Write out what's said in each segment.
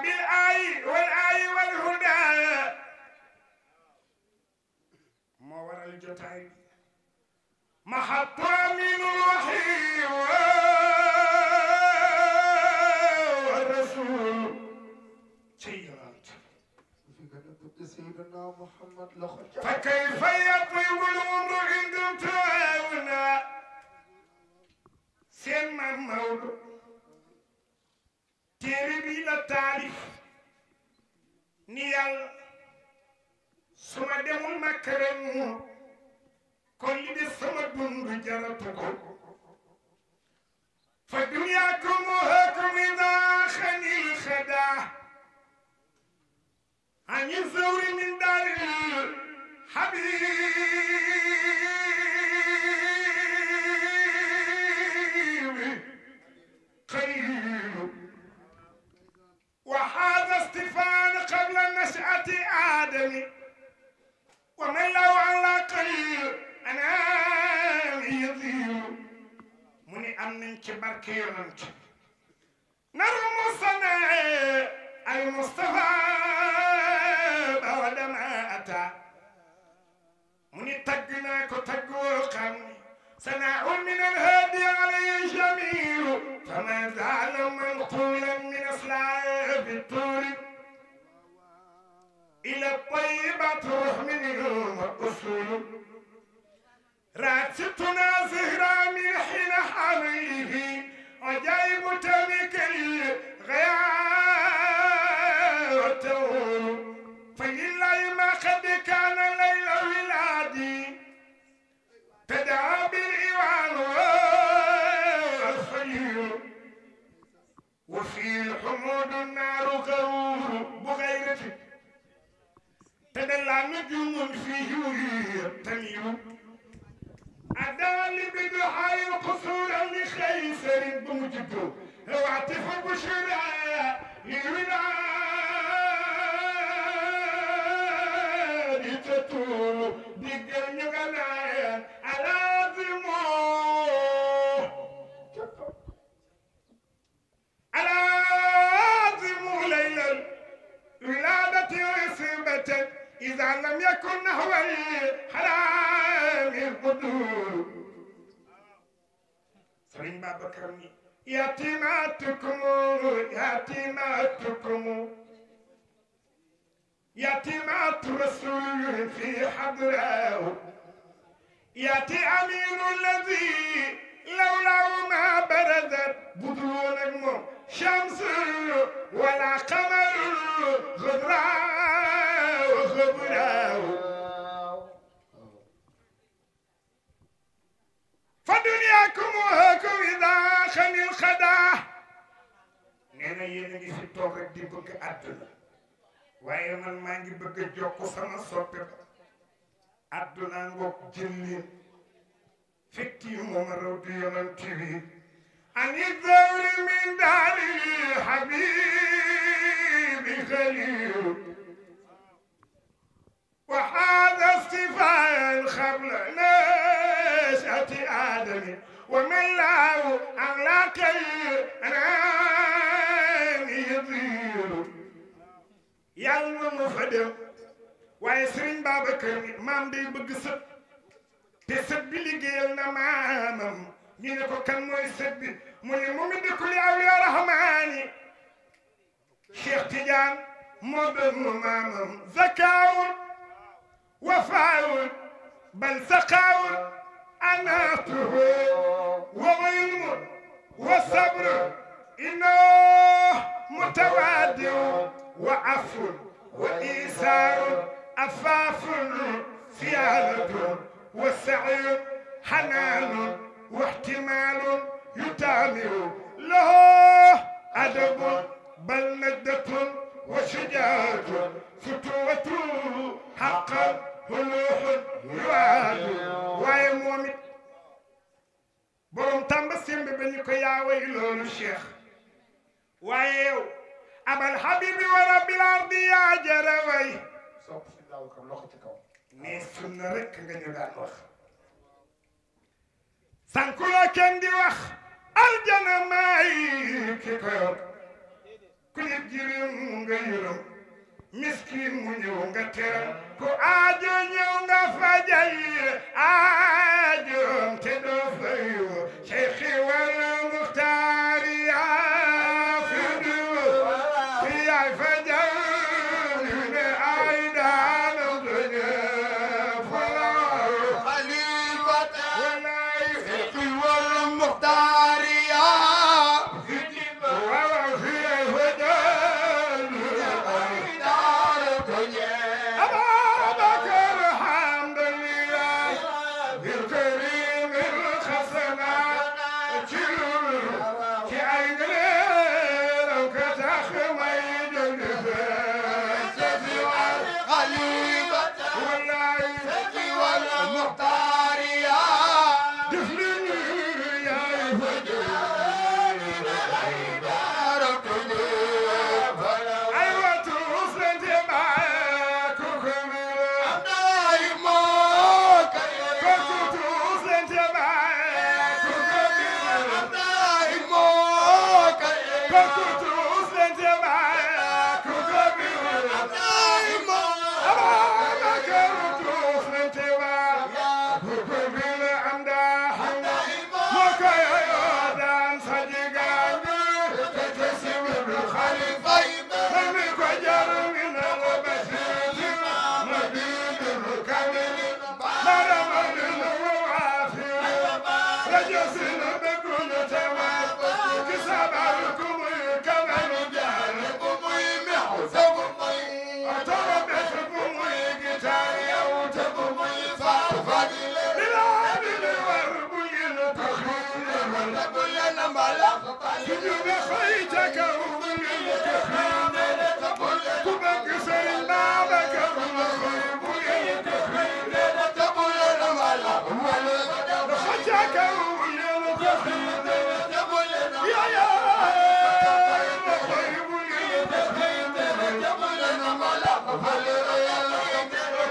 بالآي والآي والهدى ما وراء الجتاي محط من الوحي والرسول سيدنا سيدنا محمد لخرج فكيف يطيب الامر عند تاونا سين مولود téere bii la taalif ni yàlla su ma demul Makka ren kon li des sama dund jaratu ko fa dunyaakum hakum idaa xanil xadaa عن الثور من دار الحبيب قليل وحاد استفان قبل نشأة آدم ومن له على قليل أنا يظهر من أمن كبر كيرنت نرم صنع المصطفى بعد ما أتى من تقناك تقوقا ثناء من الهادي عليه جميل فما زال منقولا من اصلاب الطول الى الطيبه من يوم الاصول راتبتنا زهرا من حين حبيبي عجائب تبكي غير يسيل حمود النار كروه بغيرته تدلى نجوم في جوهه تميل أدال بدعاء القصور لخيسر بمجده واعتف بشرى للولاد تطول دقل نغلايا على الأكرم يتيماتكم يتيماتكم يتيمات رسول في حضره ياتي أمين الذي لولاه ما بردت بدونك مو شمس ولا قمر غبراه غبراه فدنياكم وهاكم إذا خن الخدا نينا يينا ني في توغ دي بك ادنا واي من ماغي بك جوكو سما سوبي ادنا ngok jëlli fekki mom raw di yonanti bi ani dawri min dali habibi khalil وهذا اصطفاء الخبل ليست آدم ومن له أغلاك الآن يطير يلا فدم ويسرين بابكر مام دي بقصب تسب لقيل نمامم نينكو كان مو يسب من ممد كل أولياء رحماني شيخ تجان مو بمامم زكاون وفاول بل سقاء أناته وغيم وصبر إنه متوادع وعفو وإيثار Hallelujah.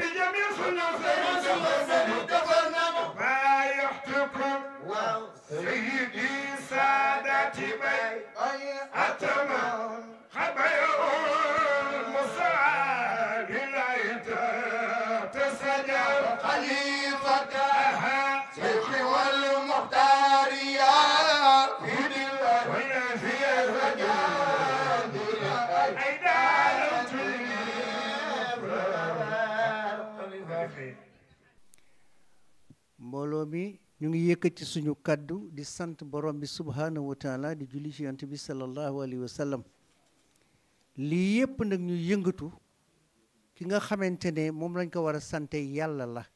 bi jamiir suñu mi ñu ngi yëkkati suñu kaddu di sant borom bi subhaanahu wa taala di julli yant bi sallallahu alayhi wa sallam lii yépp nag ñu yëngatu ki nga xamante ne moom lañ ko war a sante yàlla la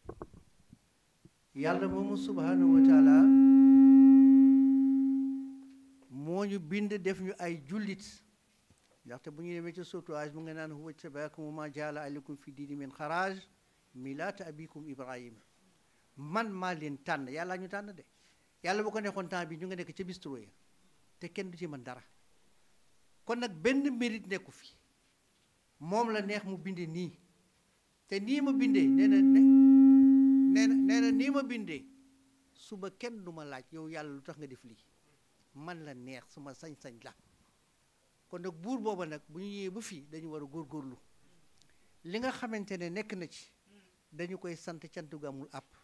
yàlla moomu subhaanahu wa taala moo ñu bind def ñu ay jullit ndaxte bu ñu demee ca sotu age mu nga naan huwa tabaakum wa ma jaala aleykum fi diini min xaraaj milaata abikum ibrahima man maa leen tànn yàlla ñu tànn de yàlla bu ko neexoon temps bi ñu nga nekk ca bistro ya te kenn du ci man dara kon nag benn mérite nekku fi moom la neex mu binde nii te nii ma bindee nee nii ma bindee suba kenn du ma laaj yow yàlla lu tax nga def lii man la neex suma sañ-sañ la kon nag buur booba nag bu ñu yee ba fii dañu war a góorlu li nga xamante ne nekk na ci dañu koy sant cantu gu amul àpp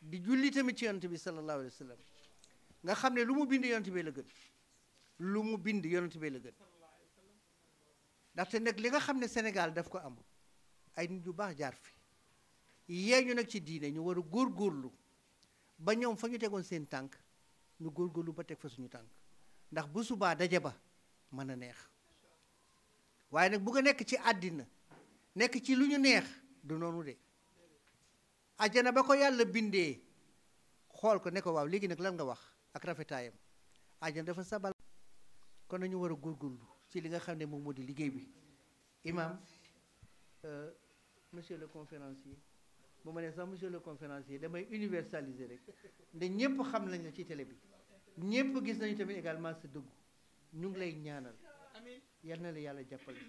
di julli tamit ci yonent bi sallallahu alayhi wa nga xam ne lu mu bind yonent bi la gën lu mu bind yonent bi la gën ndaxte nag li nga xam ne Sénégal daf ko am ay nit yu baax jaar fi yee ñu nag ci diine ñu war góor góorlu ba ñoom fa ñu tegoon seen tànk ñu góorgóorlu ba teg fa suñu tànk ndax bu subaa daje ba mën a neex waaye nag bu nga nekk ci àddina nekk ci lu ñu neex du noonu de ajjana bako yalla bindé xol ko ne ko waaw léegi nag lan nga wax ak rafetaayam ajjana dafa sabal kon nañu wara a ci li nga xamné ne moom moo di bi imam euh monsieur le conférencier bu ma ne sax monsieur le conférencier damay universaliser rek nde ñepp xam nañ la ci télé bi ñepp gis nañu tamit également sa dëggu ñu ngi lay ñaanal yal na la yàlla jàppale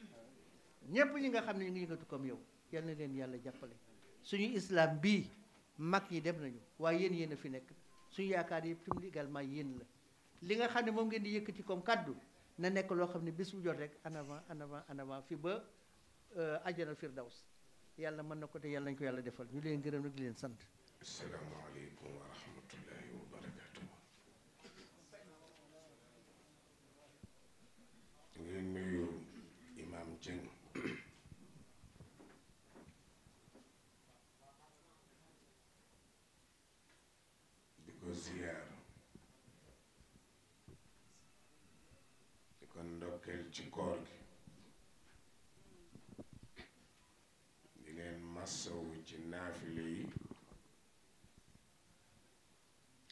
ñëpp ñi nga xamné ñi nga tukam yow yal na leen yàlla jàppale suñu islam bii mag yi dem nañu waaye yéen yéen a fi nekk suñu yaakaar yëpp tamit également yéen la li nga xam ne moom ngeen di yëkkati comme kàddu na nekk loo xam ne bis bu jot rek en avant en avant en avant fi ba euh, àjjana firdaws yàlla mën na ko te yàlla nañu ko yàlla defal ñu leen gërëm nag di leen sant. ci koor gi di leen ci naafili yi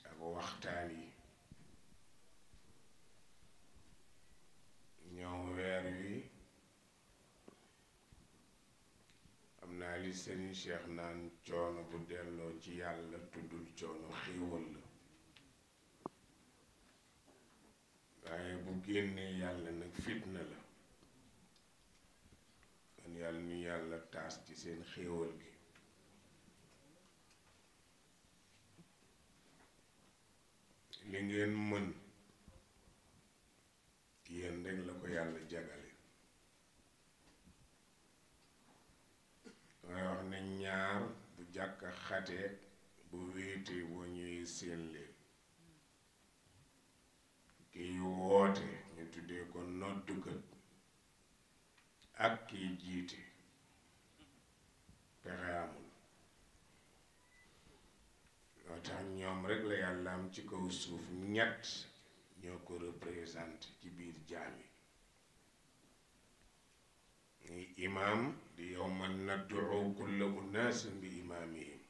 ak waxtaan yi ñoom weer wi am na li sëriñ Cheikh naan coono bu delloo ci yàlla tuddul coono xéewal la génne yàlla nag fitna la man yàlla ñu yàlla taas ci seen xéewal gi li ngeen mën yéen rekk la ko yàlla jagale dangay wax ne ñaar bu jàkk xatee bu wéetee boo ñëwee seen leen dugal ak kiy jiite pexe amul tax ñoom rek la yàlla am ci kaw suuf ñett ñoo ko représenté ci biir jaami muy imaam di yawma nad'u kulla unaasin bi imaamihim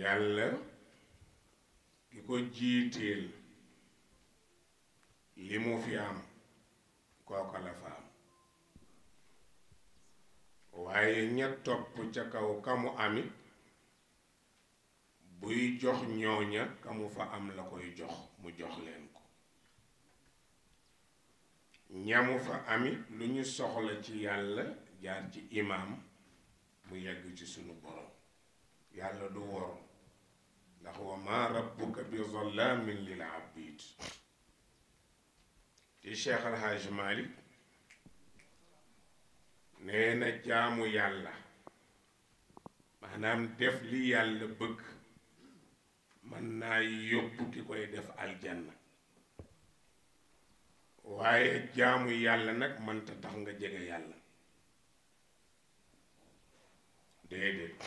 yàlla ki ko jiiteel li mu fi am kooka la fa am waaye ña topp ca kaw kamu amit buy jox ñooña kamu fa am la koy jox mu jox leen ko ñamu fa amit lu ñu soxla ci yàlla jaar ci imaam mu yegg ci sunu borom yàlla du wor ndax wa ma rabbuka bi zallaamin lil abid ci Cheikh Al Hadj nee na jaamu yàlla maanaam def li yàlla bëgg man naa yóbbu ki koy def aljanna waaye jaamu yàlla nag mënta tax nga jege yàlla déedéet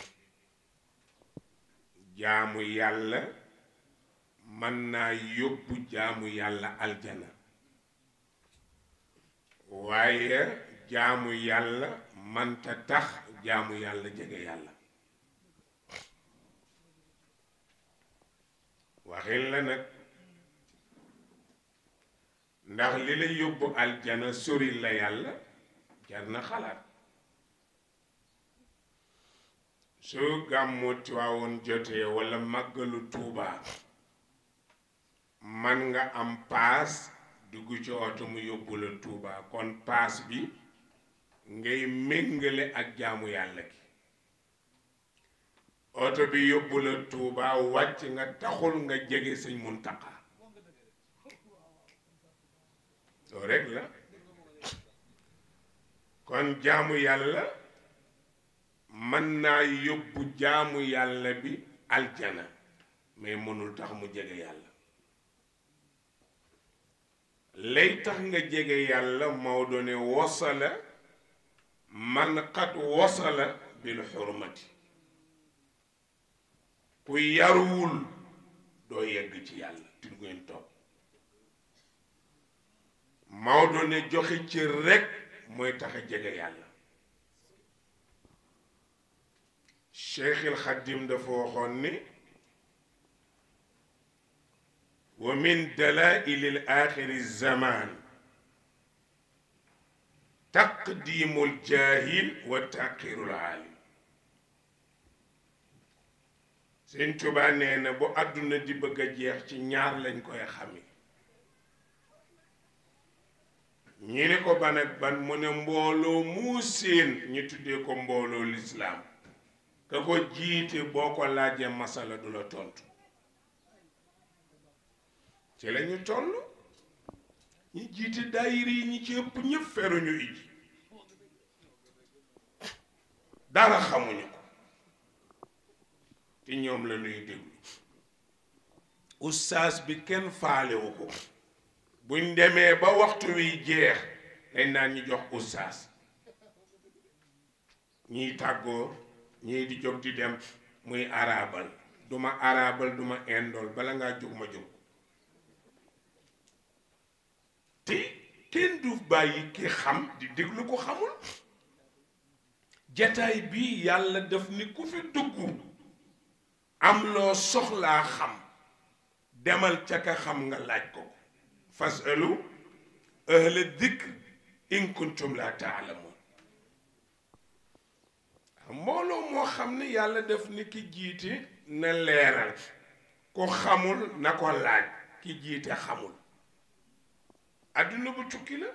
jaamu yàlla mën naa yóbbu jaamu yàlla aljana waaye jaamu yàlla manta tax jaamu yàlla jege yàlla waxin la nag ndax li la yóbbu aljana sori la yàlla jar na xalaat su gàmmu Tiwaawoon jotee walla màggalu Tuubaa man nga am paas dugg ci oto mu yóbbu la Touba kon paas bi ngay méngale ak jaamu yàlla gi oto bi yóbbu la Touba wàcc nga taxul nga jege sëñ Muntaxa loo rek la kon jaamu yàlla mën naa yóbbu jaamu yàlla bi aljana mais mënul tax mu jege yàlla lay tax nga jege yàlla Maodo ne wasala man qad wasala bil xurmati ku yaruwul doo yegg ci yàlla du ngeen toog Maodo ne joxe ci rekk mooy tax a jege yàlla Cheikhil Xadim dafa waxoon ni wa min dalaa'il aaxiri zamaan taqdiimul jaahil wa taaxirul aalim Sëñ Tuubaa na bu àdduna di bëgg a jeex ci ñaar lañ koy xami ñi ne ko ban ak ban mu ne mbooloo muu séen ñu tuddee ko mbooloo lislaam ka ko jiite boo ko laajee masala du la tontu ci lañu ñu ñi jiite daayira ñi ci ëpp ñëpp feruñu iji dara xamuñu ko te ñoom la ñuy déglu ustaas bi kenn faalewu ko buñ demee ba waxtu wi jeex dañ naan ñu jox ussaas ñiy tàggoo ñii di jóg di dem muy arabal duma arabal duma indol bala ngaa jóg ma jóg te kenn du bàyyi ki xam di déglu ko xamul jataay bi yàlla def ni ku fi dugg am loo soxla xam demal ca ka xam nga laaj ko fasalu ahla dikr in kuntum la taalamun mbooloo moo xam ne yàlla def ni ki jiite na leeral ku xamul na ko laaj ki jiite xamul adduna bu tukki la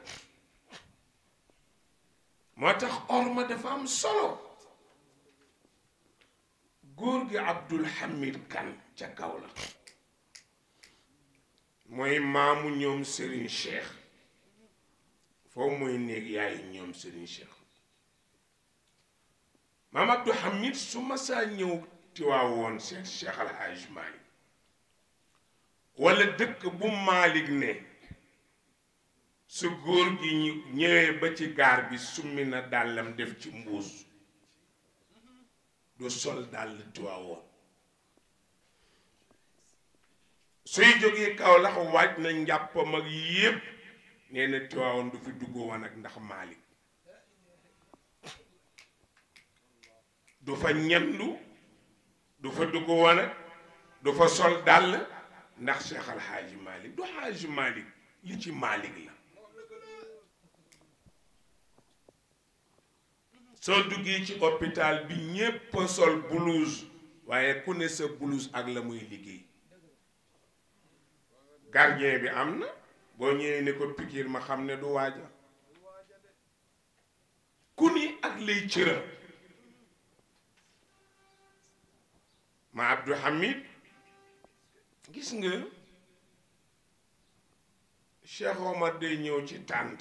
moo tax orma dafa am solo góor gi Abdul Hamid Kan ca kaw la mooy maamu ñoom Serigne Cheikh foofu mooy néeg yaay ñoom Serigne Cheikh maam Abdou Hamid su masaa ñëw tiwaawoon seen Cheikh Alhaaj Malik wala dëkk bu Malik ne su góor gi ñëwee ba ci gaar bi summi na dàllam def ci mbuus du sol dàll tuwaawoon suy jógee Kaolack waaj na njàppam ak yépp nee na tuwaawoon du fi dugg woon ndax Malick du fa ñendu du fa dugg woon ak du fa sol dàll ndax Cheikh Al Hadji du Hadji Malick li ci Malick la soo duggee ci hôpital bi ñépp sol blouse waaye ku ne sa blouse ak la muy liggéey gardien bi am na boo ñëwee ne ko pikiir ma xam ne du waaja ku ni ak lay cëram ma Abdou Hamid gis nga Cheikh Omar day ñëw ci tànt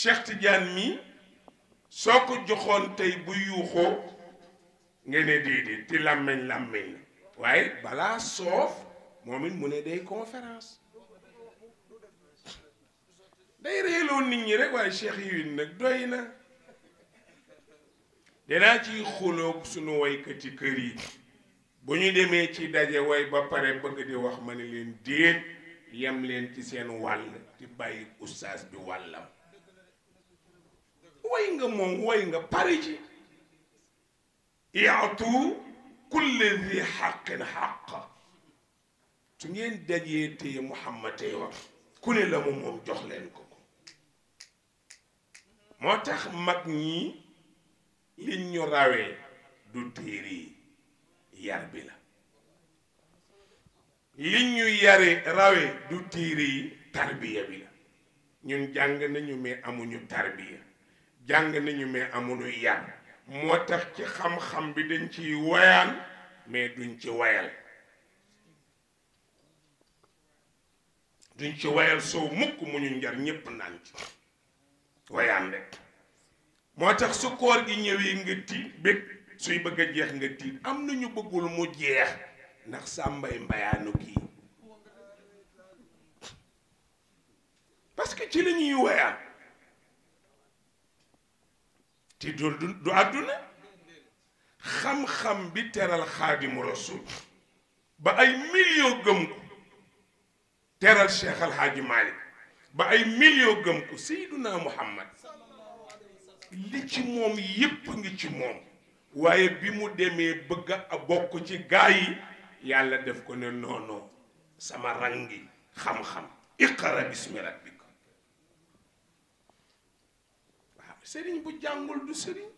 Cheikh Tidiane mi soo ko joxoon tey bu yuuxoo nga ne déedéet ti làmmeñ làmmeñ la waaye balaa soof moom it mu ne day conférence day reeloo nit ñi rek waaye cheikh yi nag doy na dinaa ciy xuloog suñu waykati kër yi bu ñu demee ci daje way ba pare bëgg di wax ma ne leen déet yem leen ci seen wàll di bàyyi oustaz bi wàllam way nga moom way nga pare ji yaatu kulle di xaqin xaqa su ngeen dajee tey Muhammad tey wax ku ne la mu moom jox leen ko moo tax mag ñi liñ ñu rawee du téere yi yar bi la liñ ñu yare rawee du téere yi tarbiya bi la ñun jàng nañu mais amuñu tarbiya jàng nañu mais amuñu yar moo tax ci xam-xam bi dañ ciy woyaan mais duñ ci woyal duñ ci wayal soo mukk mu ñu njar ñépp naan ci wayaan rek moo tax su koor gi ñëwee nga tiit bég suy bëgg a jeex nga tiit am nañu bëggul mu jeex ndax sàmbay mbayaanu kii parce que ci la ñuy te du du àdduna xam-xam bi teral xaadimu rasul ba ay million gëm ko teral cheikh alhaaji malik ba ay million gëm ko seyduna muhammad li ci moom yépp ngi ci moom waaye bi mu demee bëgg a bokk ci gaa yi yàlla def ko ne noonoo sama rangi xam-xam iqara bismi rabbi sëriñ bu jàngul du sëriñ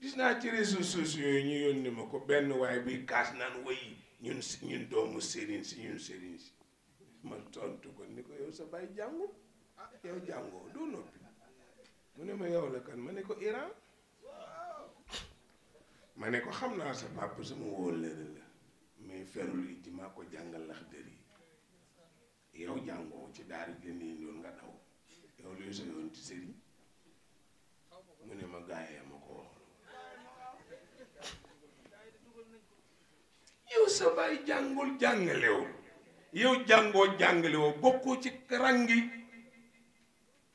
gis naa ci réseaux sociaux yi ñu yónni ma ko benn waaye bii kaas naan wëy ñun ñun doomu sëriñ si ñun sëriñ si man tontu ko ni ko yow sa baay jàngul ah, yow jàngoo doo noppi mu ne ma yow la kan ma ne ko Iran ma ne ko xam naa sa papa sama wóllëre la mais ferul it maa ko jàngal lax dër yi yow jàngoo ci daara ji leen doon nga daw yow luy sa yoon ci sëriñ mu ne yow sa baay jàngul jàngalewul yow jàngoo jàngalewoo bokkoo ci rangi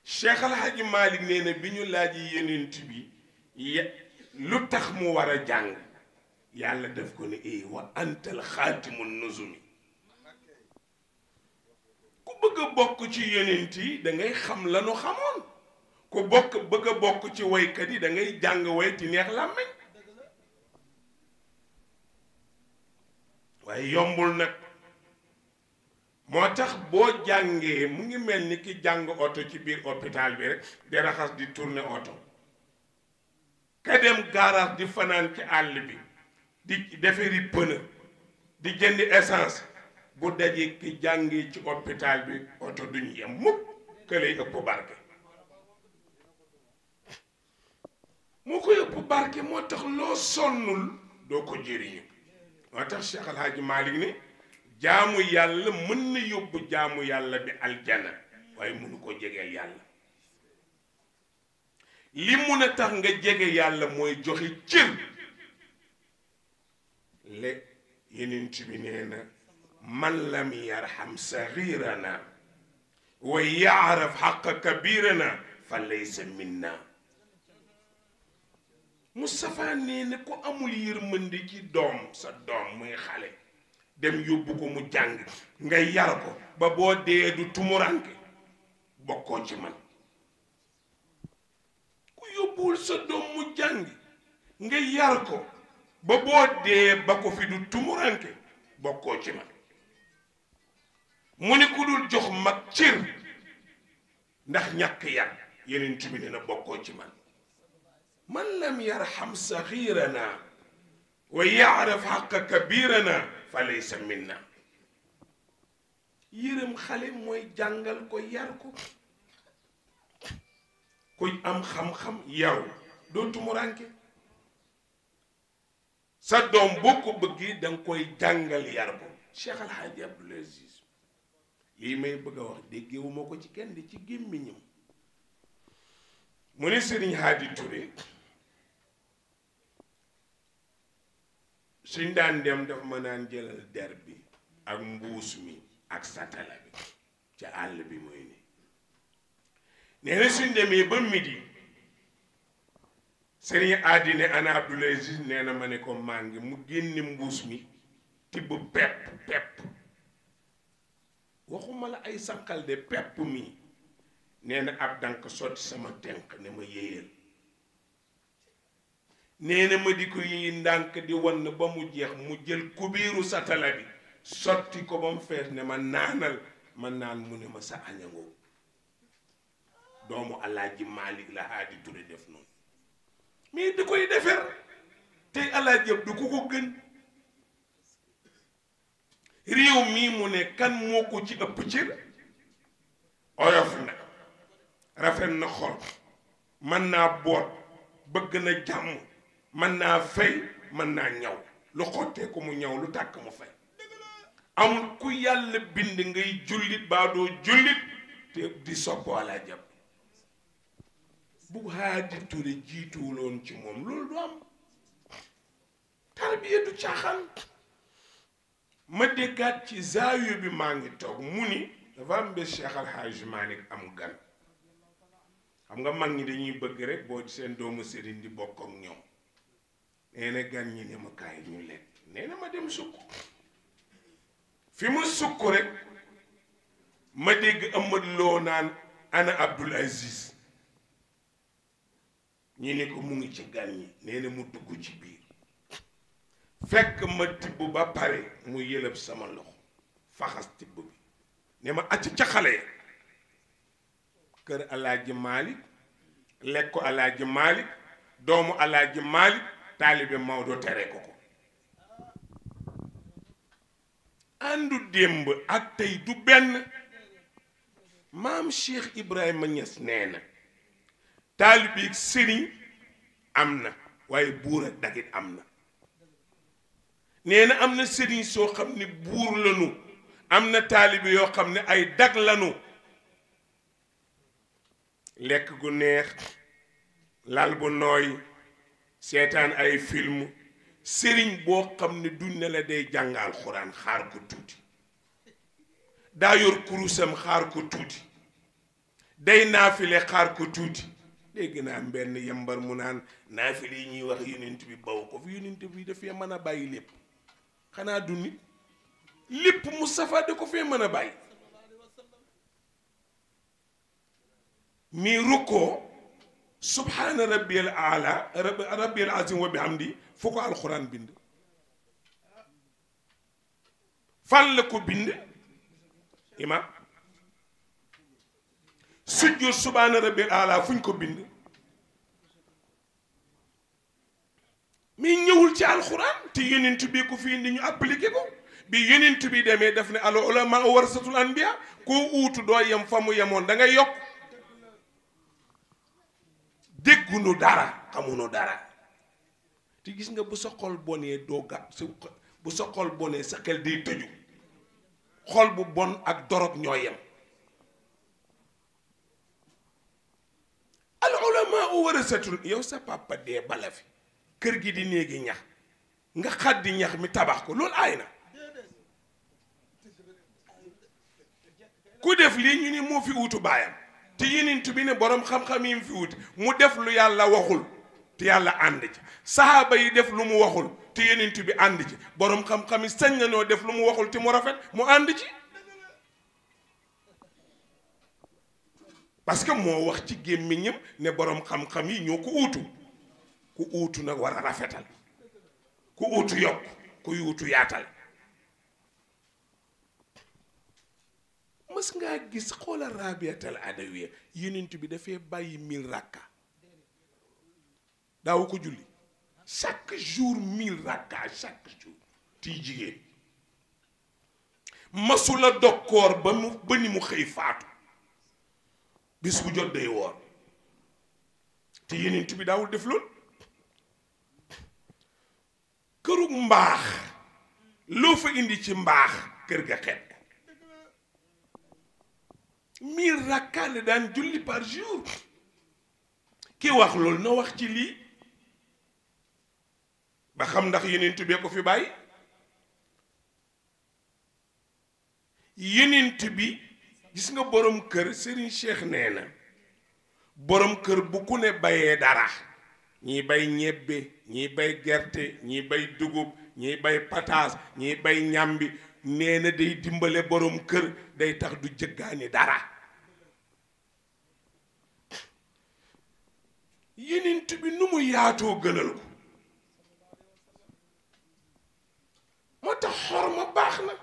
Cheikh Al Hadj Malick bi ñu laaj yenent bi lu tax mu war a jàng yàlla def ko ne eh antal xaatimun nuzumi ku bëgg bokk ci yenent yi da xam lanu xamoon ku bokk bëgg bokk ci woykat yi dangay jàng woy ti neex làmmiñ waaye yombul nag moo tax boo jàngee mu ngi mel ni ki jàng oto ci biir hôpital bi rek di raxas di tourner oto ka dem garage di fanaan ci àll bi di defari pneu di jënd essence bu dajee ki jàngee ci hôpital bi oto duñ yem mukk këlay ëpp barke moo ko yëpp barke moo tax loo sonnul doo ko jëriñu moo tax Cheikh El Hadj Malick jaamu yàlla mën na yóbbu jaamu yàlla bi aljana waaye mënu ko jegeel yàlla li mun a tax nga jege yàlla mooy joxe cër le yenent bi nee na man lam yarham sagiirana wa yaaraf xaqa kabirana fa laysa minna mu Moustapha nee na ku amul yërmande ci doom sa doom muy xale dem yóbbu ko mu jàng nga yar ko ba boo dee ci man ku mu jàng nga yar ko ba boo ko fi du tumuranke bokkoo ci man mu ne ku dul jox mag cër ndax ñàkk yar yeneen tumi ne na bokkoo ci man man lam yarham saxiirana wa yaaraf xaqa kabirana fa laysa minna yërëm xale mooy jàngal ko yar ko kuy am xam-xam yaru doo tumuranke sa doom boo ko bëggee danga koy jàngal yar ko Cheikh Al Hadj Abdoul Aziz lii may bëgg a wax déggewu ko ci kenn di ci gémmiñam mu ne Serigne Hadi Touré suñ daan dem dafa ma naan jëlal der bi ak mbuus mi ak satala bi ca àll bi mooy ni nee suñ demee ba midi sëriñ àddina ana Abdoulaye Sis nee na ma ne ko maa ngi mu génne mbuus mi tibb pepp pepp waxuma la ay sànqal de pepp mi nee na ab dank sotti sama tenk ne ma yéyal nee na ma di ko yi ndànk di wan ba mu jeex mu jël kubiiru satala bi sotti ko ba mu fees ne ma naanal ma naan mu ne ma sa añangoo doomu alaaji Malick la Haadi Touré def noonu mais di koy defer tey alaaji yëpp du ko ko gën réew mii mu ne kan moo ko ci ëpp cër oyof na rafet na xol mën naa boot bëgg na jàmm mën naa fay mën naa ñaw lu xottee ko mu ñaw lu tàkk mu fay am ku yàlla bind ngay jullit baa doo jullit te di sopp walla jàpp bu Haadi Touré jiituwuloon ci moom loolu du am tarbiya du caaxaan ma déggaat ci zaawiya bi maa ngi toog mu ni dafa am bés Cheikh Alhaaj Malick am gan xam nga mag ñi dañuy bëgg rek boo seen doomu sëriñ di bokk ñoom nee na gan ñi ne ma kaay ñu lekk nee ma dem sukk fi ma sukk rek ma dégg Amadou Lo naan ana Abdoul Aziz ñu ne ko mu ngi ci gan ñi nee na mu tugg ci biir fekk ma tibb ba pare mu yëlëb sama loxo faxas tibb bi ne ma acc ca xale ya kër alaaji Malick lekk ko alaaji Malick doomu alaaji Malick taalibe Maodo tere ko ko àndu démb ak tey du benn maam Cheikh Ibrahima Niass nee na taalibeeg sëriñ am na waaye buur ak dagit am na nee na am na sëriñ soo xam ne buur lanu am na taalibe yoo xam ne ay dag lanu lekk gu neex lal bu nooy seetaan ay film sëriñ boo xam ne duñ ne la day jàng alxuraan xaar ko tuuti daa yor kurusam xaar ko tuuti day naafile xaar ko tuuti dégg naa benn yambar mu naan naafile yi ñuy wax yonent bi baw ko fi yonent bi dafee mën a bàyyi lépp xanaa du nit lépp Moustapha da ko fee mën a bàyyi mi rukkoo سبحان ربي الأعلى ربي العظيم وبحمدي فوق القرآن بند فلك بند إمام سجود سبحان ربي الأعلى فنكو بند من يقول تي القرآن تي ينين تبي كفين دين يأبليكي بو بي ينين تبي دمي دفني على علماء ورثة الأنبياء كو أوتو دوا يمفامو يمون دنگا يوكو déggunu dara xamunu dara te gis nga bu sa xol bonee doo gàtt sa bu sa xol bonee sa xel day tëju xol bu bon ak dorog ñoo yem al ulama u warasatul yow sa papa dee bala kër gi di néegi ñax nga xaddi ñax mi tabax ko loolu aay na ku def lii ñu ni moo fi wuutu baayam te yenent bi ne borom xam-xam yi mu fi wut mu def lu yàlla waxul te yàlla ànd ci sahaaba yi def lu mu waxul te yenent bi ànd ci borom xam-xam yi sañ na noo def lu mu waxul te mu rafet mu ànd ci parce que moo wax ci gémmiñam ne borom xam-xam yi ñoo ko uutu ku uutu na war a rafetal ku uutu yokk ku yuutu yaatal mës ngaa gis xoola raabiyatal adawiya yenent bi dafay bàyyi mille rakka daaw ko julli chaque jour mil rakka chaque jour tiy jigéen masula dokkoor ba mu ba ni mu xëy faatu bis bu jot day woor te yenent bi daawul def loolu kërug mbaax loo fa indi ci mbaax kër ga xet mille rakkaa daan julli par jour ki wax loolu na wax ci lii ba xam ndax yeneentu bee ko fi bàyyi yenent bi gis nga boroom kër Serigne Cheikh nee na boroom kër bu ku ne bayee dara ñii bay ñebbe ñii bay gerte ñii bay dugub ñiy bay pataas ñii bay ñambi nee na day dimbale borom kër day tax du jëggaani dara yenent bi nu mu yaatoo gënal ko moo tax xorma baax na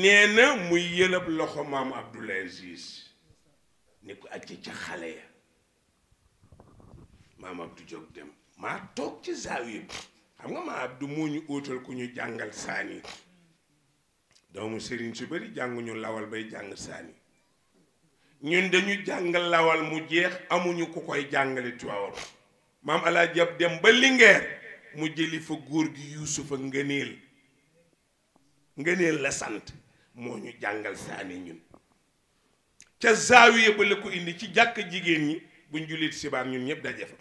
nee na muy yëlëb loxo maam Abdoul Aziz ni ko acci ca xale ya maam Abdou jóg dem maa toog ci zaaw xam nga ma Abdou moo ñu óotal ku ñu jàngal saani doomu sëriñ su bari jànguñu lawal bay jàng saani ñun dañu jàng lawal mu jeex amuñu ku koy jàngale tuwaawam maam alaa jab dem ba Linguère mu jëli fa góor gi yuusufa ngëneel ngëneel la sant moo ñu jàngal saani ñun ca zaawiya ba la ko indi ci jàkk jigéen ñi buñ jullit sibaar ñun ñëpp daje fa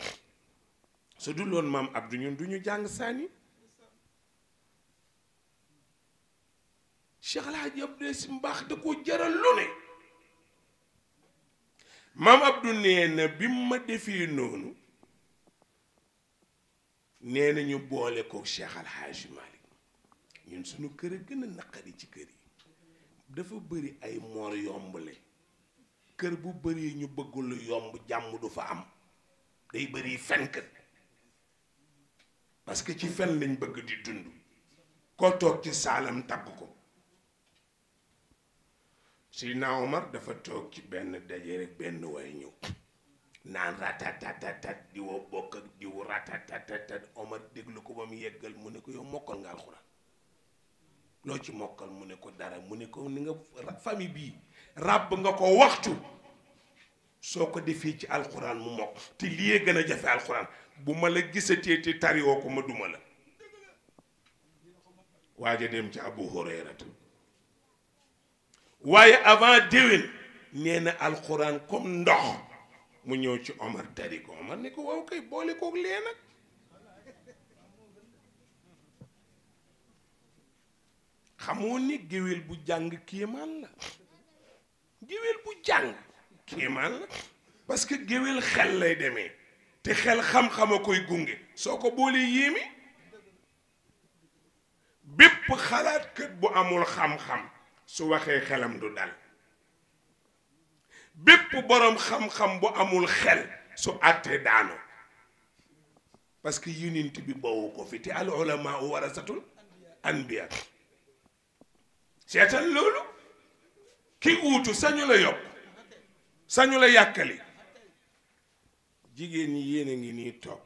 su dul maam Abdou ñun du ñu jàng sànni Cheikh El Hadj Abdou si mbaax da ko jaral lu ne maam Abdou nee bi ma defee noonu nee na ñu boole ko Cheikh El Hadj ñun suñu kër a gën a naqari ci kër yi dafa bari ay moor yombale kër bu bëri ñu bëggul yomb jàmm du fa am day bëri fenk parce que ci fen lañ bëgg di dund koo toog ci saalam tagg ko Seydina Omar dafa toog ci benn daje benn waay ñëw naan ratatatatat di bokk ak diw ratatatatat Omar déglu ko ba mu yeggal mu ne ko yow mokkal nga alxuraan loo ci mokkal mu ne ko dara mu ne ko ni nga famille bii ràbb nga ko waxtu soo ko defee ci alxuraan mu mokk te lii gën a jafe alxuraan bu ma la gisatee te tariwoo ko ma duma la waaja dem ci abu hurayrata waaye avant déwén nee alxuraan comme ndox mu ñëw ci omar tari ko omar ni ko waaw kay boole kook lee nag xamoo ni géwél bu jàng kéemaan la géwél bu jàng kéemaan la parce que géwél xel lay demee te xel xam-xama koy gunge soko boli yimi yéemi bépp xalaat kët bu amul xam-xam su waxe xelam du dal bépp borom xam-xam bu amul xel su atté daano parce que yuninti bi boowu ko fi te al ulamaa warasatul anbiya seetal lolu ki wutu sañu la yok sañu la yakali jigéen ñi yéen a ngi nii toog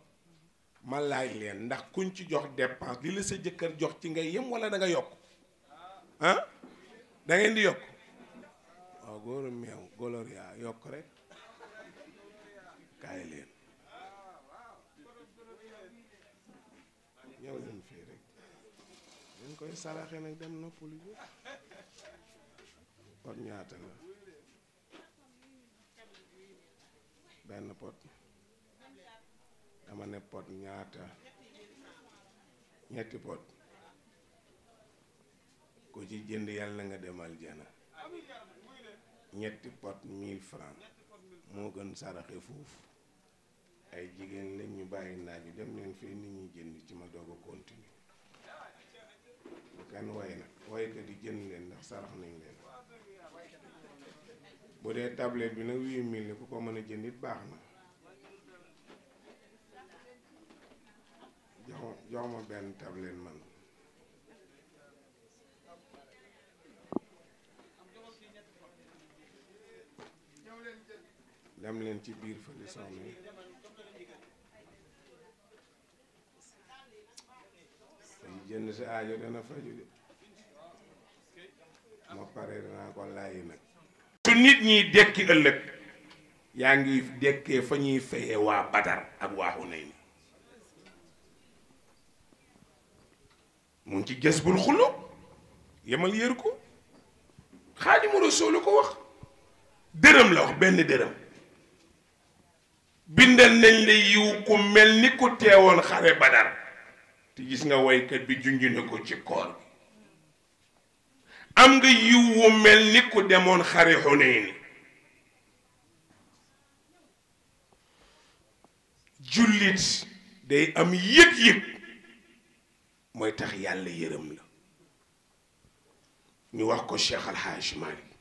ma laaj leen ndax kuñ ci jox dépense li la sa jëkkër jox ci nga yëm wala danga yokk ah da ngeen di yokk waaw góoru meew Gloria yokk rek kaay leen ñëw leen fii rek dañ koy saraxe nag dem noppalu ji kon ñaata la benn pot dama pot ñaata ñetti pot ku ci jënd yàlla nga demal jana ñetti pot mille francs moo gën saraxe foofu ay jigéen lañ ñu bàyyi naaju dem leen fii nit ñi jënd ci ma doog a continuer bu kenn way nag waykat yi jënd leen ndax sarax nañ leen bu dee tablette bi nag huit mille ku ko mën a jënd it baax na jox jox ma benn tableen man dem leen ci biir fële soxna yi jënd si aajo dana faju de ma pare danaa ko laayi nag su nit ñiy dekki ëllëg yaa ngi dekkee fa ñuy feyee waa Badar ak waa Hunayn mu ngi ci gis bul xullu yemal yër ko xaadimu rasoolu ko wax dërëm la wax benn dërëm bindal nañ la yiw ku mel ni ku teewoon xare badar te gis nga woykat bi junju ko ci koor bi am nga yiw wu mel ni ku demoon xare Xunayn jullit day am yëg-yëg mooy tax yàlla yërëm la ñu wax ko Cheikh Al Hadj Malick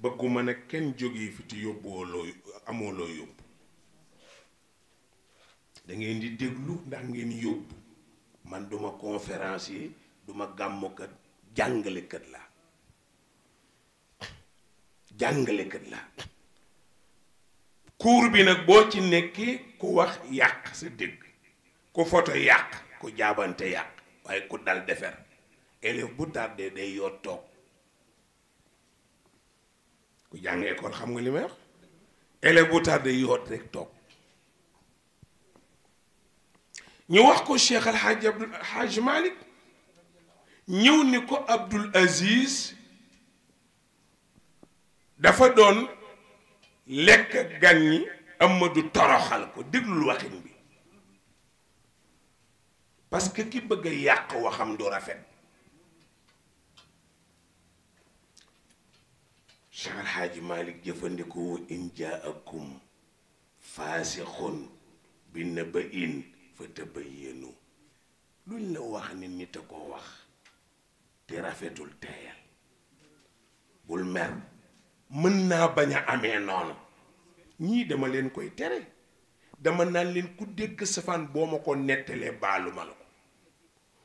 bëgguma nag kenn jógee fi te yóbbuwoo loo amoo loo yóbbu da ngeen di déglu ndax ngeen yóbbu man duma conférencier duma gàmmukat jàngalekat la jàngalekat la cours bi nag boo ci nekkee ku wax yàq sa dégg ku foto yàq ku jaabante yàq waaye ku dal defer élève bu tardé day yoot toog ku jàng école xam nga li may wax élève bu tardé yoot rek toog ñu wax ko Cheikh Al Hadj Abdul Hadj Malick ñëw ni ko Abdul Aziz dafa doon lekk gan ñi Amadou toroxal ko déglul waxin bi parce que ki bëgg yàq waxam du rafet Cheikh Al Hadji Malick jëfandikoo in jaakum faasixun bi naba'in fa tabayyanu luñ la wax ni nit a ko wax te rafetul teyal bul mer mën naa bañ a amee noonu ñii dama leen koy tere dama naan leen ku dégg safaan boo ma ko nettalee baalu ma la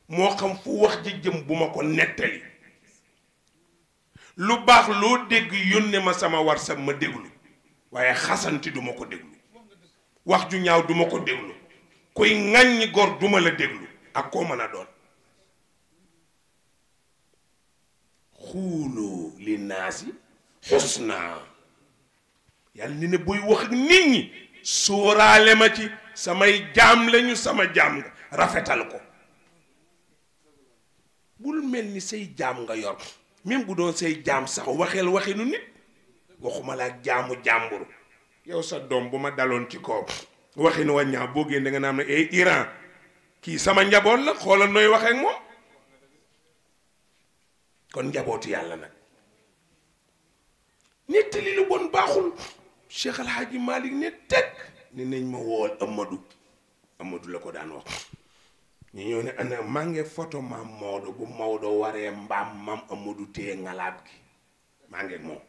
moo xam fu wax ji jëm bu ma ko nettali lu baax loo dégg yónne ma sama warsam ma déglu waaye xasanti duma ko déglu wax ju ñaaw duma ko déglu kuy ŋàññi gor duma la déglu ak koo mën a doon xuuloo li naasi xusnaa yàlla ne buy wax ak nit ñi sóoraale ma ci samay jaam lañu sama jaam rafetal ko bul mel ni say jaam nga yor même bu doon say jaam sax waxeel waxinu nit waxuma laa jaamu jàmbur yow sa doom bu ma daloon ci kaw waxin wa ñaaw boo génn da nga naan ay eh, Iran kii sama njaboot la xoolal nooy waxee ak moom kon njabootu yàlla nag nettali lu bon baaxul Cheikh Al Hadj Malick ne teg ne nañ ma wool Amadou Amadou la ko daan wax ni yone ana foto photo mam mawdo bu mawdo waré mbam mam amadou té ngalabki gi mo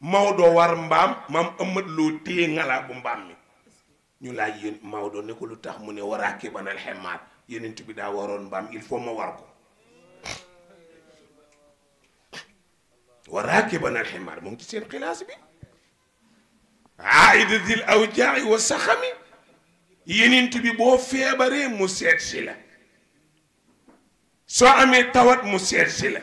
mawdo war mbam mam amad lo té ngalab mbam mi ñu la yeen mawdo ne ko lutax mu ne waraki banal himat yenent bi da waron mbam il faut ma war ko وراكبا الحمار ممكن تصير قلاس بي عائد ذي الأوجاع والسخم yenint bi boo feebaree mu seet la soo amee tawat mu seet la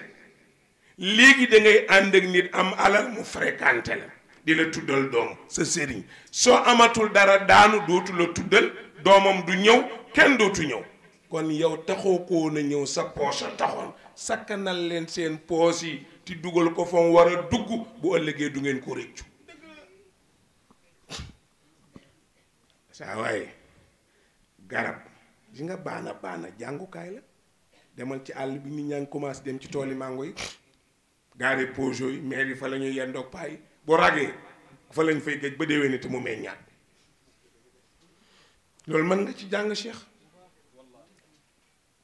léegi da ngay ànd ak nit am alal mu fréquenté la di la tuddal doom sa sëriñ soo amatul dara daanu dootu la tuddal doomam du ñëw kenn dootu ñëw kon yow taxoo koo na ñëw sa poos a taxoon sakkanal leen seen poos yi ti dugal ko fa mu war a dugg bu ëllëgee du ngeen ko rëccu saa waaye garab ji nga baana baana jàngukaay la demal ci àll bi nit ñaa ngi commencé dem ci tooli mango yi gaare pojo yi maire yi fa la ñuy yendoog paa yi boo ragee fa lañ fay géej ba déwénati mu meññaat loolu mën nga ci jàng Cheikh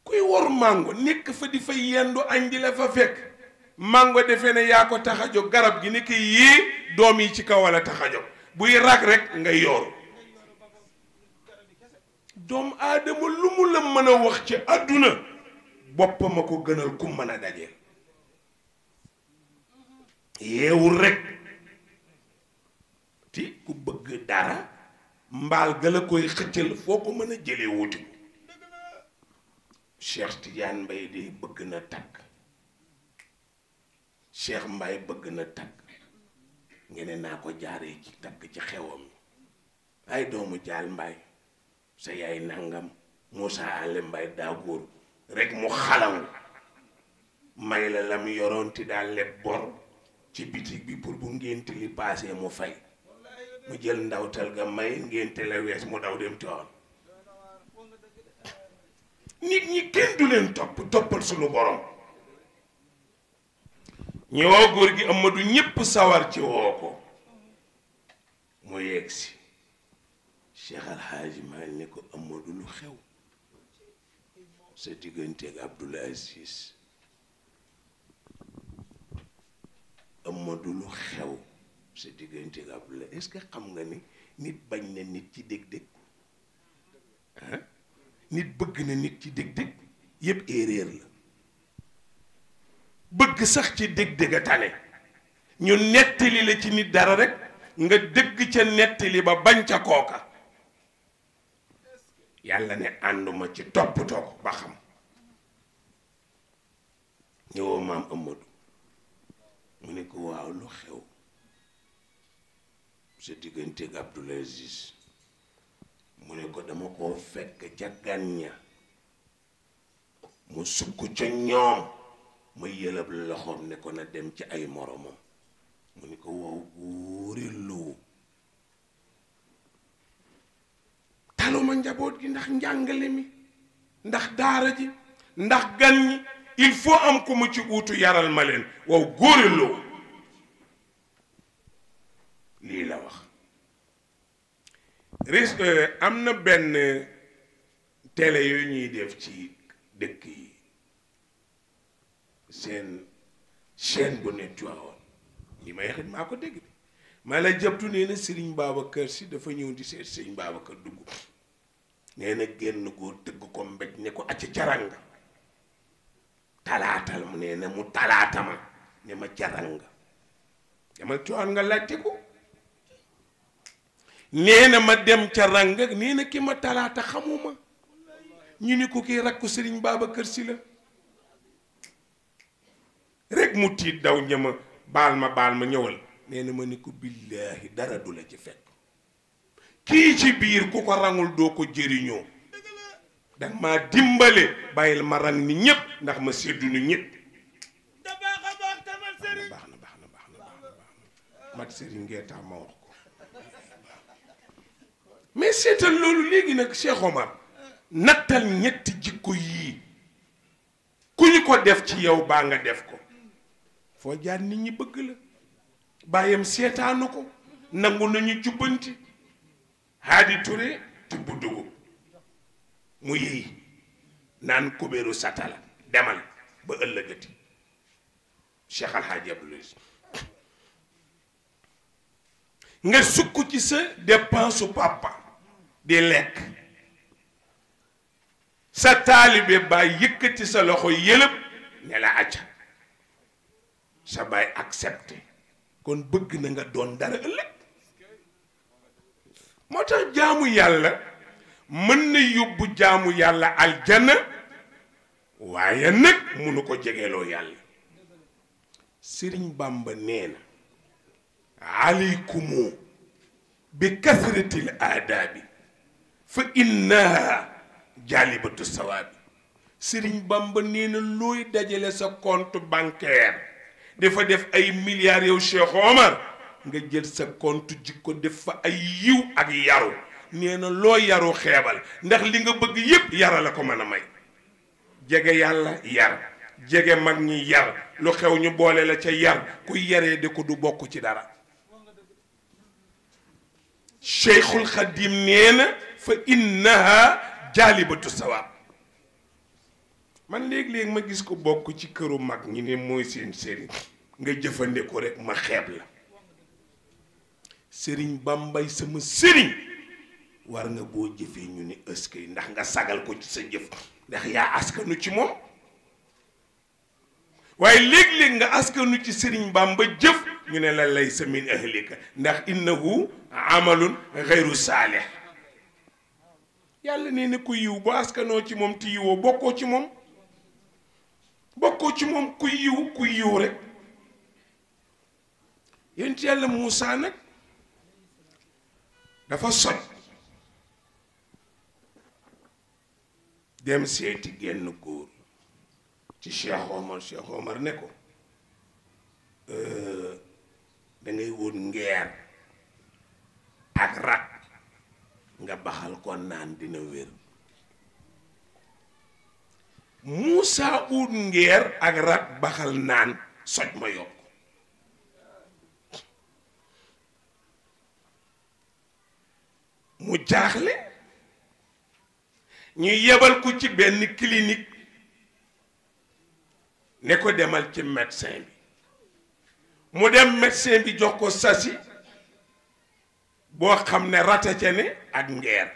kuy wor mango nekk fa di fay yendu añ di fa fekk mango defe na yaa ko tax garab gi nekk yii doom yi ci kaw wala tax a jóg buy rag rek nga yooru doomu aadama lu mu la mën a wax ci àdduna boppam a ko gënal ku mën a daje yeewul rekk ti ku bëgg dara mbaal ga la koy xëccal foo ko mën a jële wuti Cheikh Tidiane mbay de bëgg na takk Cheikh Mbaye bëgg na takk ngeen naa ko jaaree ci takk ci xewam ay doomu jaal Mbaye sa yaay nangam Moussa Allé Mbaye daa góor rek mu xalaw may la lam yoronti daal leb bor ci bitig bi pour bu ngénte li paase mu fay mu jël ndawtal ga may ngénte la wees mu daw dem tool nit ñi kenn du leen topp toppal suñu borom ñi woo góor gi Amadou ñépp sawar ci woo ko mu yegg si Cheikh Al Hadj Malick ne ko Amadou lu xew sa lu xew sa digganteeg Abdoul Aziz xam nga ni nit bañ na nit ci dég-dég nit bëgg na nit ci dég-dég yépp erreur la bëgg sax ci dég-dég a tane ñu nettali la ci nit dara rekk nga dëgg ca nettali ba bañ ca kooka yàlla ne ànduma ci toppatoo ko ba xam ñëwoo maam Amadou mu ne ko waaw lu xew sa diggante ak Aziz mu ne ko dama koo fekk ca gan ña mu sukk ca ñoom ma yëlëb loxoom ne ko na dem ci ay moromam mu ne ko waaw wóoree loo teeluma njaboot gi ndax njàngale mi ndax daara ji ndax gan ñi il faut am ku mu ci uutu yaral ma leen waaw góoreloo lii la wax ris euh, am na benn télé yooyu ñuy def ci dëkk yi seen chaîne bu ne Tivaouane li may xit maa ko dégg bi ma la jabtu nee na Serigne kër si dafa ñëw di seet Serigne kër dugg nee na génn góor tëgg ko mbéj ne ko acca caranga talaatal mu nee na mu talaatama ne ma caranga demal coon nga laajte ko neena ma dem caranga nee na ki ma talaata xamuma ñu ni ko kii rakku sëriñ Babacar Si la rek mu tiit daw ñëma baal ma baal ma ñëwal nee ma ni ko billaahi dara du la ci fekk kii ci biir ku ko rangul doo ko jëriñoo danga ma dimbale bàyyil ma rang ni ñépp ndax ma séddu ni ñépp baax na baax na baax na baax na mat sëriñ ngeetaa ma wax ko mais seetal loolu léegi nag Cheikh Omar nattal ñetti jikko yii ku ñu ko def ci yow baa nga def ko foo jaar nit ñi bëgg la bàyyam seetaanu ko nangu nañu jubbanti Haadi Touré tibb dugub mu yii naan kubéeru satala demal ba ëllëgati Cheikh Al Hadj Abdoulaye nga sukk ci sa dépense su papa di lekk sa taalibe baay yëkkati sa loxo yëlëb ne la acca sa baay accepté kon bëgg na nga doon dara ëllëg moo tax jaamu yàlla mën na yóbbu jaamu yàlla aljana waaye nag munu ko jegeloo yàlla sëriñ bàmba nee na bi kasratil aadaabi fa innaha jaalibatu sawaabi sëriñ bàmba nee looy dajale sa compte bancaire dafa def ay milliards yow Cheikh Omar nga jël sa compte jikko def fa ay yiw ak yaru nee na loo yaru xeebal ndax li nga bëgg yépp yara la ko mën a may jege yàlla yar jege mag ñi yar lu xew ñu boole la ca yar kuy yare di ko du bokk ci dara cheikhul xadim nee na fa innaha jaalibatu sawaab man léeg-léeg ma gis ko bokk ci këru mag ñi ne mooy seen sëriñ nga jëfandiku rek ma xeeb la sëriñ bàmbay sama sëriñ war nga boo jëfee ñu ni ëskay ndax nga sagal ko ci sa jëf ndax yaa askanu ci moom waaye léeg-léeg nga askanu ci sëriñ bàmba jëf ñu ne la lay sa min ahlika ndax innahu amalun xeyru saalih yàlla nee na ku yiw boo askanoo ci moom te yiwoo bokkoo ci moom bokkoo ci moom ku yiw ku yiw rek yonent yàlla Muusaa nag dafa soj dem seeti genn góor ci Cheikh Omar Cheikh ko euh, dangay ngay wut ngeer ak rat nga baxal ko naan dina wér Moussa ut ngeer ak rat baxal naan soj ma yokk mu jaaxle ñu yebal ko ci benn kilinik ne ko demal ci médecin bi mu dem médecin bi jox ko sasi boo xam ne ratatene ak ngeer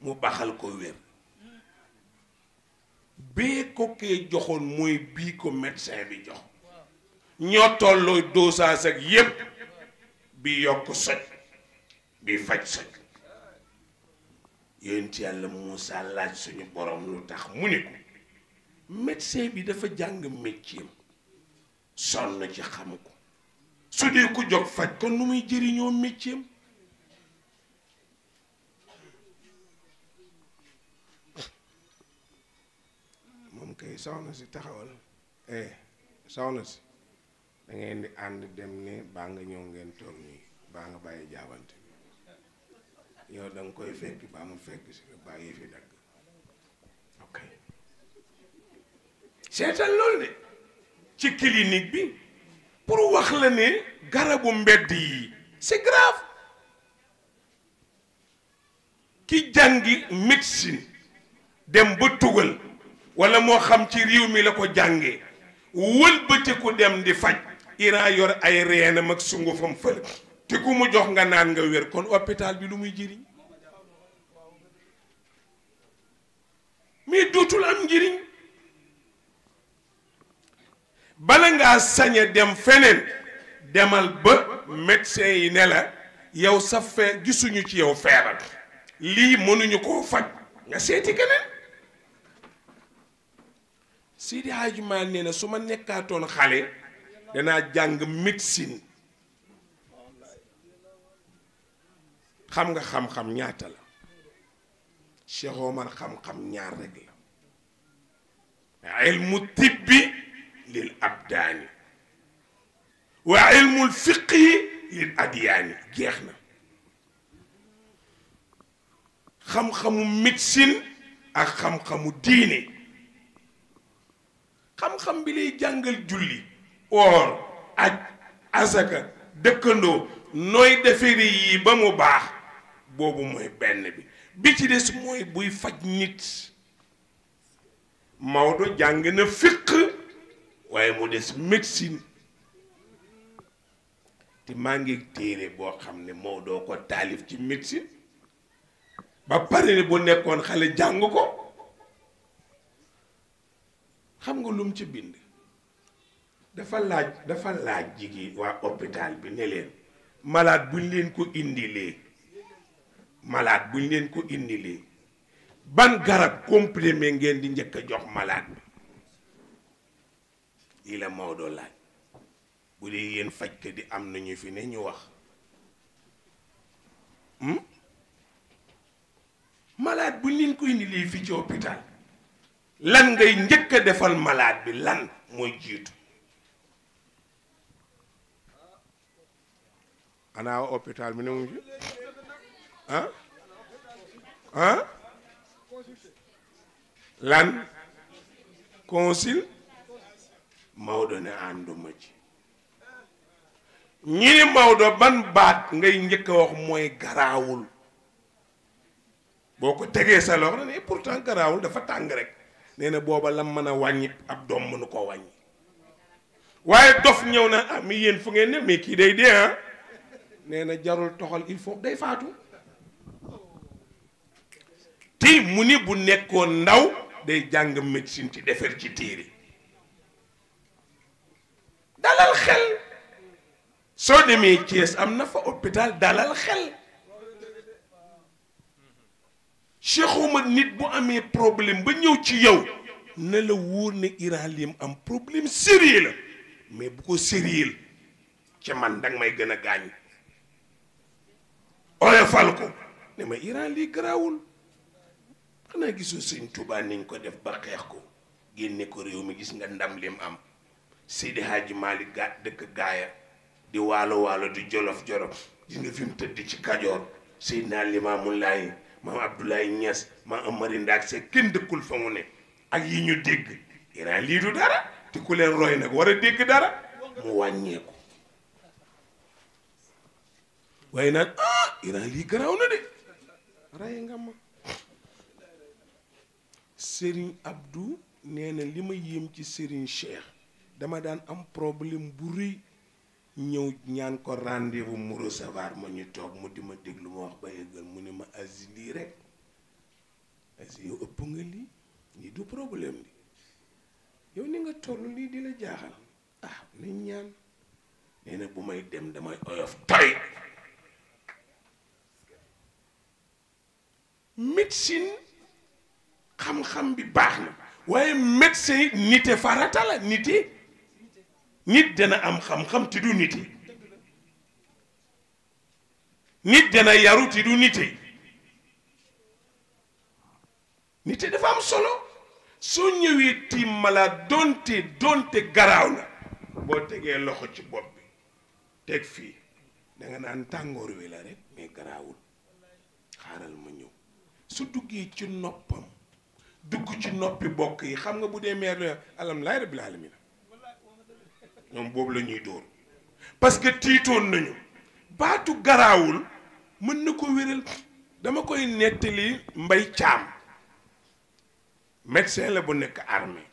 mu baxal ko wér bee ko kee joxoon mooy bii ko médecin bi jox ñoo tolloo dosage ak yépp bi yokk soj bi faj soj yonent yàlla Moussa laaj suñu borom lu tax mu ne ko médecin bi dafa jàng métier sonn ci xam ko su dee ku jóg faj kon nu muy jëriñoo métier moom kay soxna si taxawal eh soxna si da ngeen di ànd dem ne baa nga ñëw ngeen toog nii baa nga bàyyi jaabante yow da nga koy fekk ba mu fekk si nga bàyyi fi dagg seetal loolu de ci clinique bi pour wax la ne garabu mbedd yi c'est grave ki jàngi médecine dem ba tugal walla moo xam ci réew mi la ko jàngee wëlbatiku dem di faj Iran yor ay reenam ak sungufam fële te ku mu jox nga naan nga wér kon hôpital bi lu muy jëriñ mais dootul am njëriñ bala ngaa saña dem feneen demal ba médecin yi ne la yow sa fee gisuñu ci yow feebar lii mënuñu koo faj nga seeti keneen Seydi Hadji Malick nee na su ma nekkaatoon xale danaa jàng médecine xam nga xam-xam ñaata la Cheikh Omar xam-xam ñaar rek la ilmu tibbi lil abdani wa ilmu al fiqhi lil adyani jeexna na xam-xamu médecine ak xam-xamu diine xam-xam bi lay jàngal julli or aj asaka dekkando noy defere yi ba mu baax boobu mooy benn bi bi ci des mooy buy faj nit Maodo jàng na fiq waaye mu des médecine te maa ngi téere boo xam ne Maodo ko taalif ci médecine ba pare ne bu nekkoon xale jàng ko xam nga lum ci bind dafa laaj dafa laaj jigéen waa hôpital bi ne leen malade buñ leen ko indilee malade buñ leen ko indi lii ban garab comprimé ngeen di njëkk a jox malade bi lii la Maodo laaj bu dee yéen fajkat di am nañu fi ne ñu wax hmm? malade buñ leen ko indi lii fi ci hôpital lan ngay njëkk defal malaat bi lan mooy jiitu xanaa hôpital bi ne mu ah ah lan consul Maodo ne ànduma ci ñi ni Maodo ban baat ngay njëkk a wax mooy garaawul boo ko tegee sa loxo ne eh, pourtant garaawul dafa tàng rek nee na booba la mën a wàññi ab doom mënu ko wàññi waaye dof ñëw na ah mi yéen fu ngeen ne mais kii day dee ah nee na jarul toxal il faut day faatu tey mu ni bu nekkoon ndaw day jàng médecine ci defar ci téere dalal xel soo demee Thiès am na fa hôpital dalal xel Cheikh nit bu amee problème ba ñëw ci yow na la wóor ne Iran lim am problème sérieux la mais bu ko sérieux ci man danga may gën a gaañu oyofal ko ne Iran lii garaawul xanaa gisoo sëñ Tuubaa niñ ko def ba xeex ko génne ko réew mi gis nga ndam lim am Seydi Hadji Malick ga dëkk gaaya di waalo waalo di jolof jolof gis nga fi tëdd ci Kajoor Seydina Limaamu Laay maam Abdoulaye Niass maam Amari Ndaak se kenn dëkkul fa mu ne ak yi ñu dégg Iran lii du dara te ku leen roy nag war a dégg dara mu wàññeeku waaye nag ah Iran lii garaaw na de rey nga ma Serigne Abdou nee na li ma yéem ci Serigne Cheikh dama daan am problème bu rëy ñëw ñaan ko rendez-vous mu recevoir ma ñu toog mu di ma déglu ma wax ba yëgal mu ne ma asi lii rek asi yow ëpp nga lii lii du problème bi yow ni nga toll lii di la jaaxal ah nañ ñaan nee bu may dem damay oyof tay médecine xam-xam bi baax na waaye médecin it nite farata la nite nit dana am xam-xam ti du nite nit dana yaru ti du nite nite dafa am solo soo ñëwee tiim malade donte donte garaaw la boo tegee loxo ci bopp bi teg fii danga naan tàngoor wi la rek mais garaawul xaaral ma ñëw su duggee ci noppam dugg ci noppi bokk yi xam nga bu dee meer la alam laay rabbil alamin ñoom boobu la ñuy dóor parce que tiitoon nañu baatu garaawul mën na ko wéral dama koy nettali mbay caam médecin la bu nekk armée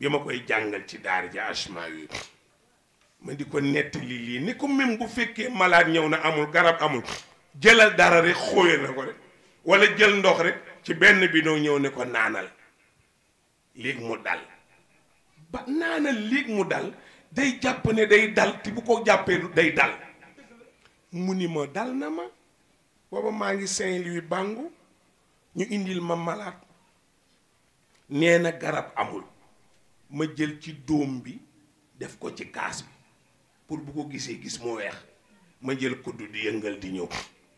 bi ma koy jàngal ci daara ji asma yi ma di ko nettali lii ni ko même bu fekkee malaat ñëw na amul garab amul jëlal dara rek xóoyal na ko rek wala jël ndox rek ci benn bi noo ñëw ne ko naanal léegi mu dal ba naanal léegi mu dal day jàpp ne day dal te bu ko jàppee day dal mu ni ma dal na ma booba maa ngi Saint-Louis bàngu ñu indil ma malaat nee na garab amul ma jël ci dóom bi def ko ci kaas bi pour bu ko gisee gis mu weex ma jël kudd di yëngal di ñëw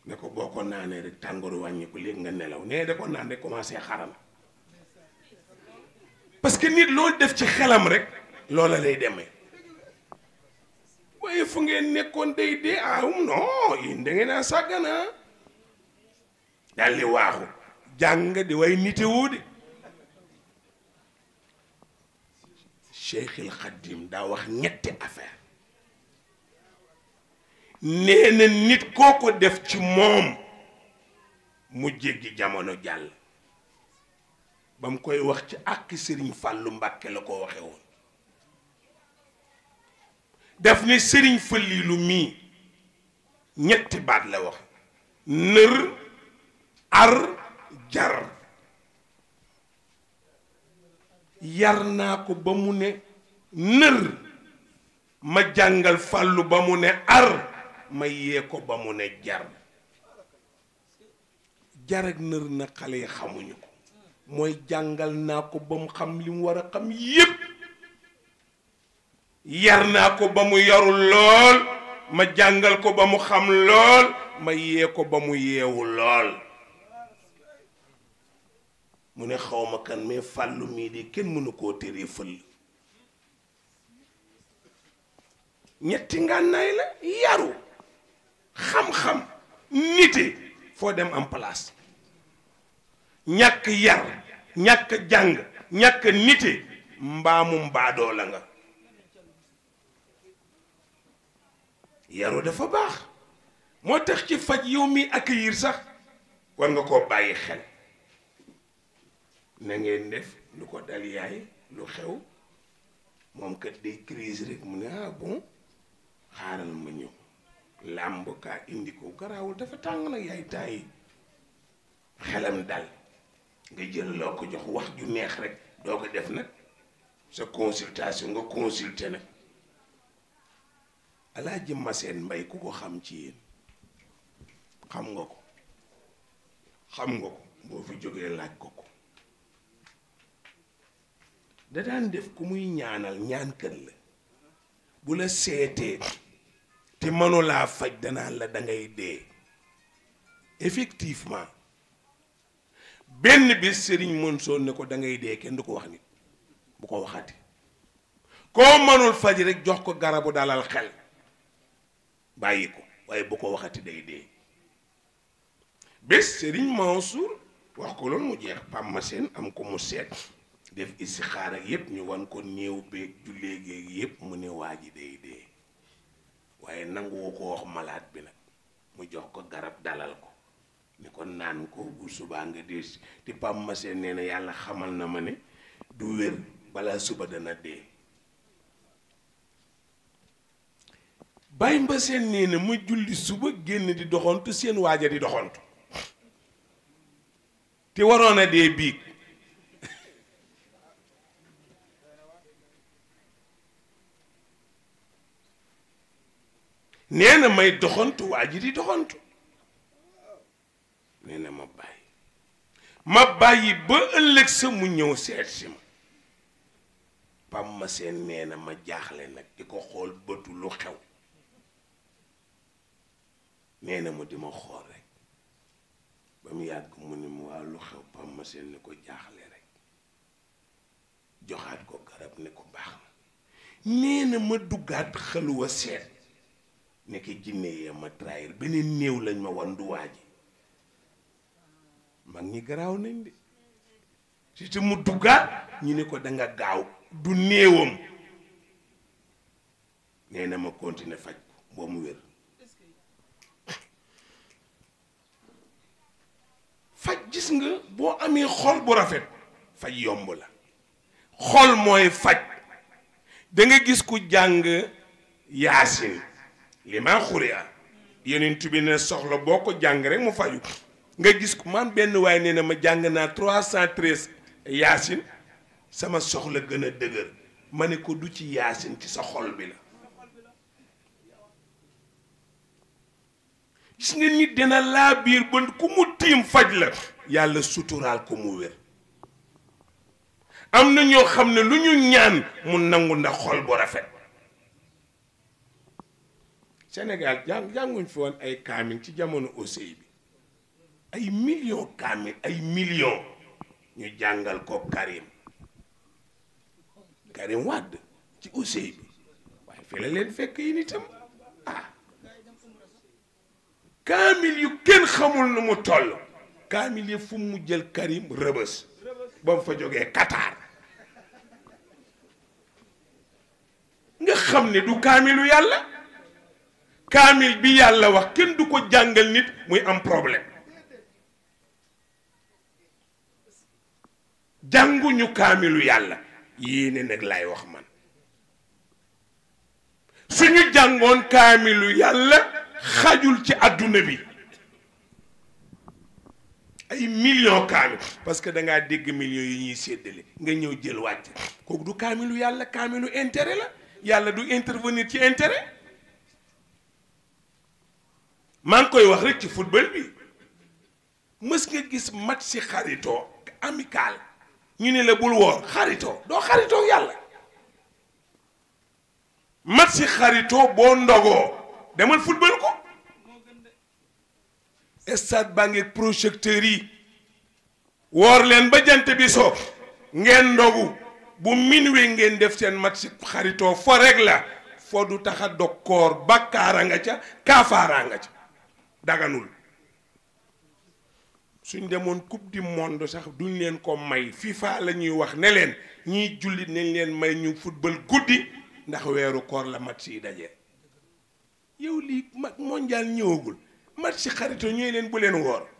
ne ko boo ko naanee rek tàngoor wàññi ko léegi nga nelaw nee da ko naan rek commencé xaram parce que nit loolu def ci xelam rek loola lay demee waaye fu ngeen nekkoon day dee ahum non yéen da ngeen a sàggana ah. daldi waaxu jàng di way nitewoo de Cheikhil Khadim daa wax ñetti affaire nee na nit koo ko def ci moom mu jéggi jamono jàll ba mu koy wax ci àkki sëriñ fàllu mbàkke la ko waxe woon daf ne sëriñ lu mii ñetti baat la wax nër ar jar yar naa ko ba mu ne nër ma jàngal fàllu ba mu ne ar ma yee ko ba mu ne jar jar ak nër na xale yi xamuñu ko mooy jàngal naa ko ba mu xam li mu war a xam yépp yar naa ko ba mu yaru lool ma jàngal ko ba mu xam lool may yee ko ba mu yeewu lool mu ne xawma kan mais fàllu mii de kenn mënu koo teree fël ñetti ngànnaay la yaru xam-xam nite foo dem am place ñàkk yar ñàkk jàng ñàkk nite mbaamum baadoo la nga yaru dafa baax moo tax ci faj yow mi ak accueillir sax war nga koo bàyyi xel na ngeen def lu ko dal yaay lu xew moom kat day crise rek mu ne ah bon xaaral ma ñëw làmb kaa indi ko garaawul dafa tàng nag yaay tàyyi xelam dal nga jël loo ko jox wax ju neex rek doo ko def nag sa consultation nga consulter nag alaaji Maseen Mbay ku ko xam ci yéen xam nga ko xam nga ko boo fi jógee laaj ko ko da daan def ku muy ñaanal ñaan kër la bu la seetee te mënulaa faj danaan la dangay dee effectivement benn bis sëriñ Mansour ne ko dangay dee kenn du ko wax nit bu ko waxati koo mënul faj rek jox ko garabu dalal xel bàyyi ko waaye bu ko waxati day dee bés sëriñ Mansour wax ko loolu mu jeex pam ma am ko mu seet def istixaara ak yépp ñu wan ko new beeg jullee géeg yépp mu ne waa ji day dee waaye nanguwu ko wax malaat bi nag mu jox ko garab dalal ko ni ko naan ko bu subaa nga diis ti pam masee nee na yàlla xamal na ma ne du wér balaa suba dana dee bàyyi mba seen nee na ma julli suba génn di doxantu seen waaja di doxantu te waroon a dee biig neena may doxantu waa ji di doxantu nee ma bàyyi ma bàyyi ba ëllëg sa mu ñëw seet si ma pam ma seen nee ma jaaxle nag di ko xool bëtu lu xew nee na mu di ma xool rek ba mu yàgg mu ni mu waa lu xew pam ma seen ni ko jaaxle rek joxaat ko garab ni ko baax na nee ma duggaat xëluwa seet nekk jinne yee ma trahir beneen néew lañ ma wan du waa ji mag ñi garaaw nañ de si te mu duggaat ñu ne ko danga gaaw du néewam nee na ma continuer faj ko boo mu wér faj gis nga boo amee xol bu rafet faj yomb la xol mooy faj da nga gis ku jàng yaasin li maa xuri a yenentu bi ne soxla boo ko jàng rek mu fayu nga gis ko man benn waaye nee na ma jàng naa trois cent treize yaasin sama soxla gën a dëgër ma ne ko du ci yaasin ci sa xol bi la gis nga nit dina laa biir ba ku mu tiim faj la yàlla suturaal ko mu wér am na ñoo xam ne lu ñu ñaan mu nangu ndax xol bu rafet Sénégal jàng jànguñ fi woon ay kaamil ci jamono Océy bi ay million kaamil ay million ñu jàngal ko Karim Karim Wade ci Océy bi waaye fi la leen fekk yi nitam ah kaamil yu kenn xamul nu mu toll kaamil yi fu mu jël Karim rëbës ba mu fa jógee Qatar nga xam ne du kaamilu yàlla kaamil bi yàlla wax kenn du ko jàngal nit muy am problème jànguñu kaamilu yàlla yéene nag laay wax man suñu jàngoon kaamilu yàlla xajul ci àdduna bi ay million kaamil parce que dangaa dégg millions yi ñuy séddale nga ñëw jël wàcc kooku du kaamilu yàlla kaamilu intérêt la yàlla du intervenir ci intérêt maa ngi koy wax rekk ci football bi mës nga gis match si xaritoo amical ñu ne la bul woor xaritoo doo xaritoo yàlla match si xaritoo boo ndogoo demal football ko stade baa ngi projecteur yi woor leen ba jant bi so ngeen ndogu bu minuit ngeen def seen match si xaritoo fo rek la foo du tax a dog koor nga ca kaafaara nga ca daganul suñ demoon coupe du monde sax duñ leen ko may FIFA la ñuy wax ne leen ñiy jullit nañ leen may ñu football guddi ndax weeru koor la mat yi daje yow lii mag mondial ñëwagul mat match xarito ñooy leen bu leen woor